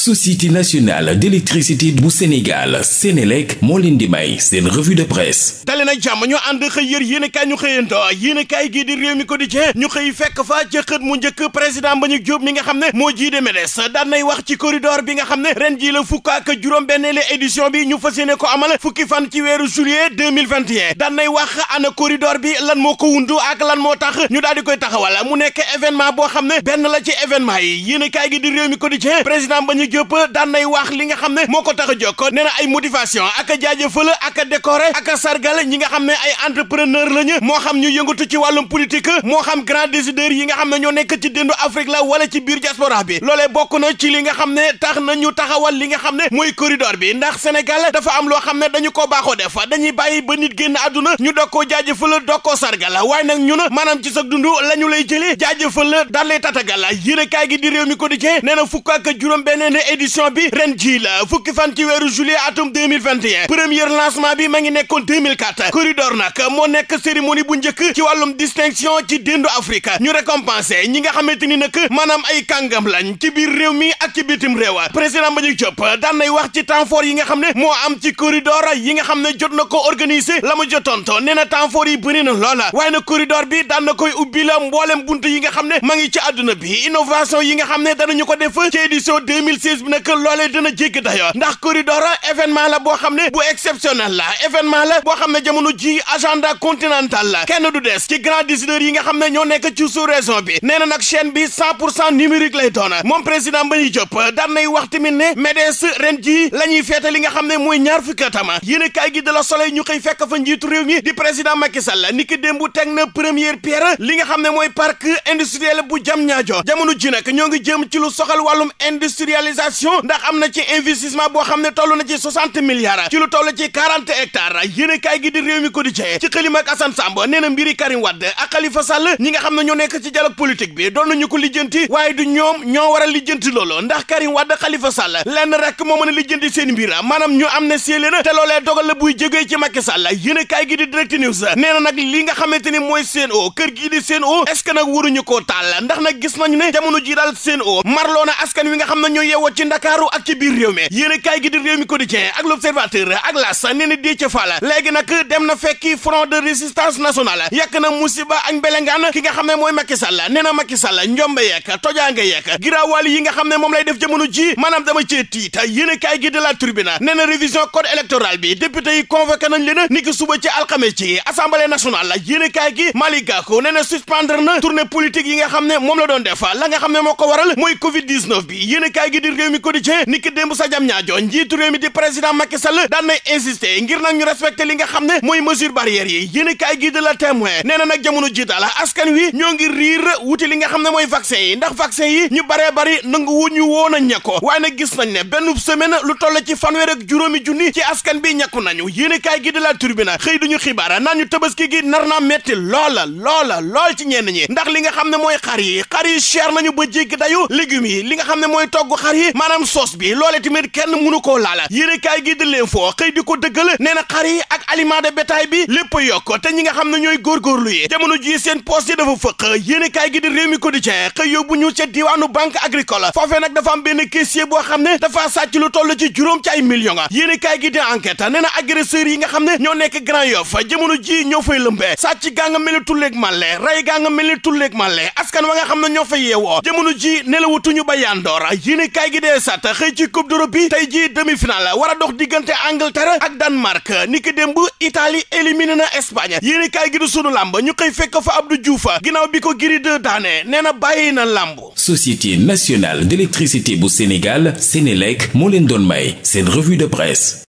société nationale d'électricité bu Sénégal Sénélec moo leen di may seen revue de presse dali jàmm ñu ànd xëy yër yéenekaay ñu xëyanto yéenekaay gii di réew mi quotidien ñu xëy fekk fa ca xët mu njëkk président Mbagnick Diop mi nga xam ne moo jiite MEDES daan wax ci corridor bi nga xam ne ren jii la fukk ak juróom-benneeli édition bi ñu fas ko amal fukki fan ci weeru juillet 2021 daan nay wax ana corridor bi lan moo ko wundu ak lan moo tax ñu daal di koy taxawal mu nekk événement boo xam ne benn la ci gi di réew mi Diop daan nay li nga xam ne moo ko tax a jokk nee na ay motivation ak jaajëfal ak a décoré ak sargal ñi nga xam ne ay entrepreneur lañu moo xam ñu yëngatu ci wàllum politique moo xam grand décideur yi nga xam ne ñoo nekk ci déndu Afrique la wala ci biir diaspora bi loolee bokk na ci li nga xam ne tax na ñu taxawal li nga xam ne mooy corridor bi ndax Sénégal dafa am loo xam ne dañu ko baaxoo def dañuy bàyyi ba nit génn àdduna ñu doog koo jaajëfal doog koo sargal waaye nag ñun maanaam ci sa dund la ñu lay jëlee jaajëfal daan lay tatagal a kaay gi di réew mi édition bi ren jii la fukki fan ci weeru juillet atum 2021 premier lancement bi ma ngi nekkoon 2004 corridor nag moo nekk cérémonie bu njëkk ci wàllum distinction ci déndu Afrique ñu récompensé ñi nga xamante ni nag maanaam ay kàngam lañ ci biir réew mi ak ci bitim réew président Mbagnick Diop daan nay wax ci temps fort yi nga xam ne moo am ci corridor yi nga xam ne jot na ko organiser la ma jotoonto nee na temps fort yi bëri na loola waaye na corridor bi daan na koy ubbi la mboolem bunt yi nga xam ne ma ngi ci àdduna bi innovation yi nga xam ne danañu ko def ci justice bi nag loolee dina jéggi dayoo ndax corridor événement la boo xam ne bu exceptionnel la événement la boo xam ne jamono ji agenda continental la kenn du des ci grand décideurs yi nga xam ne ñoo nekk ci sous bi nee nag chaîne bi cent pour cent numérique lay doona moom président Mbaye Diop daan nay wax tamit ne MEDES ren jii la ñuy li nga xam ne mooy ñaar fukki atama yéen a kaay gi de la ñu koy fekk fa njiitu réew mi di président Macky Sall ni ki démb bu autorisation ndax am na ci investissement boo xam ne toll na ci soixante milliards ci lu toll ci quarante hectares yéen kaay gi di réew mi quotidien ci xëlim ak Assane Samba nee na mbiri Karim Wade ak Khalifa Sall ñi nga xam ne ñoo nekk ci dialogue politique bi doon nañu ko lijjanti waaye du ñoom ñoo war a lijjanti loolu ndax Karim Wade Khalifa Sall lenn rek moo mën lijjanti seen mbir maanaam ñu am na séelé na te loolee dogal la buy jógee ci Macky Sall yéen kaay gi di direct ci ndakaaru ak ci biir réew mi yéen a kaay gi di réew mi quotidien ak l'observateur ak las nee na Déthié Fall léegi nag dem na fekki front de résistance nationale yàq na musiba ak mbelengaan ki nga xam mooy Macky Sall nee njombe yeek tojaange yeek giraawaal yi nga xam ne moom lay def jamono ji dama cee tiit yéen a kaay gi la tribune nee na révision code électoral bi député yi convoqué nañ leen niki suba ci alxames ci assemblée nationale yéen a kaay gi xam ne moom la ko a kaay gi réew mi quotidien ni ki démb sa jam ñaajo njiitu réew di président Macky Sall daan ngir nag ñu respecté li nga xam ne mooy mesure barrière yi yéen a kaay gi de la témoin nee na nag jamono askan wi ñoo ngi riir wuti li nga xam ne mooy vaccin yi ndax vaccin yi ñu baree bari nangu wu ñu woon a ñekko waaye gis nañ ne benn semaine lu toll ci fanweer ak juróomi junni ci askan bi ñekku nañu yéen a kaay gi de la turbina xëy duñu xibaara na ñu tabaski gi nar naa metti loola loola lool ci ñenn ñi ndax li nga xam ne mooy xar yi xar yi cher ba jéggi dayu li nga xam ne mooy togg bi maanaam sos bi loole tamit kenn mënu koo laala yéenekaay gi di l'info xëy di ko dëggal nee na xar ak aliment de bétail bi lépp yokk te ñi nga xam ne ñooy góorgóorlu yi jamono ji seen poste yi dafa fëq yéenekaay gi di réew mi quotidien xëy yóbbu ñu ca diwaanu banque agricole foofee nag dafa am benn caissier boo xam ne dafa sàcc lu toll ci juróom ci ay millions yéenekaay gi di enquête nee na agresseurs yi nga xam ne ñoo nekk Grand Yoff jamono ji ñoo fay lëmbee sàcc gaa nga mel ni tulleeg màlle rey gaa nga mel ni tulleeg màlle askan wa nga xam ne ñoo fay yeewoo ji nelawutuñu ba yandoor gi dee sat xëy ci coupe d'Europe bi tey jii demi-finale war a dox diggante Angleterre ak Danemark ni ki démb Italie éliminé na Espagne yéen i kaay gi du sunu làmb ñu koy fekk fa Abdou Diouf ginnaaw bi ko Gris 2 daane nee na bàyyi na làmb Société nationale d'électricité bu Sénégal Sénélec moo leen doon may seen revue de presse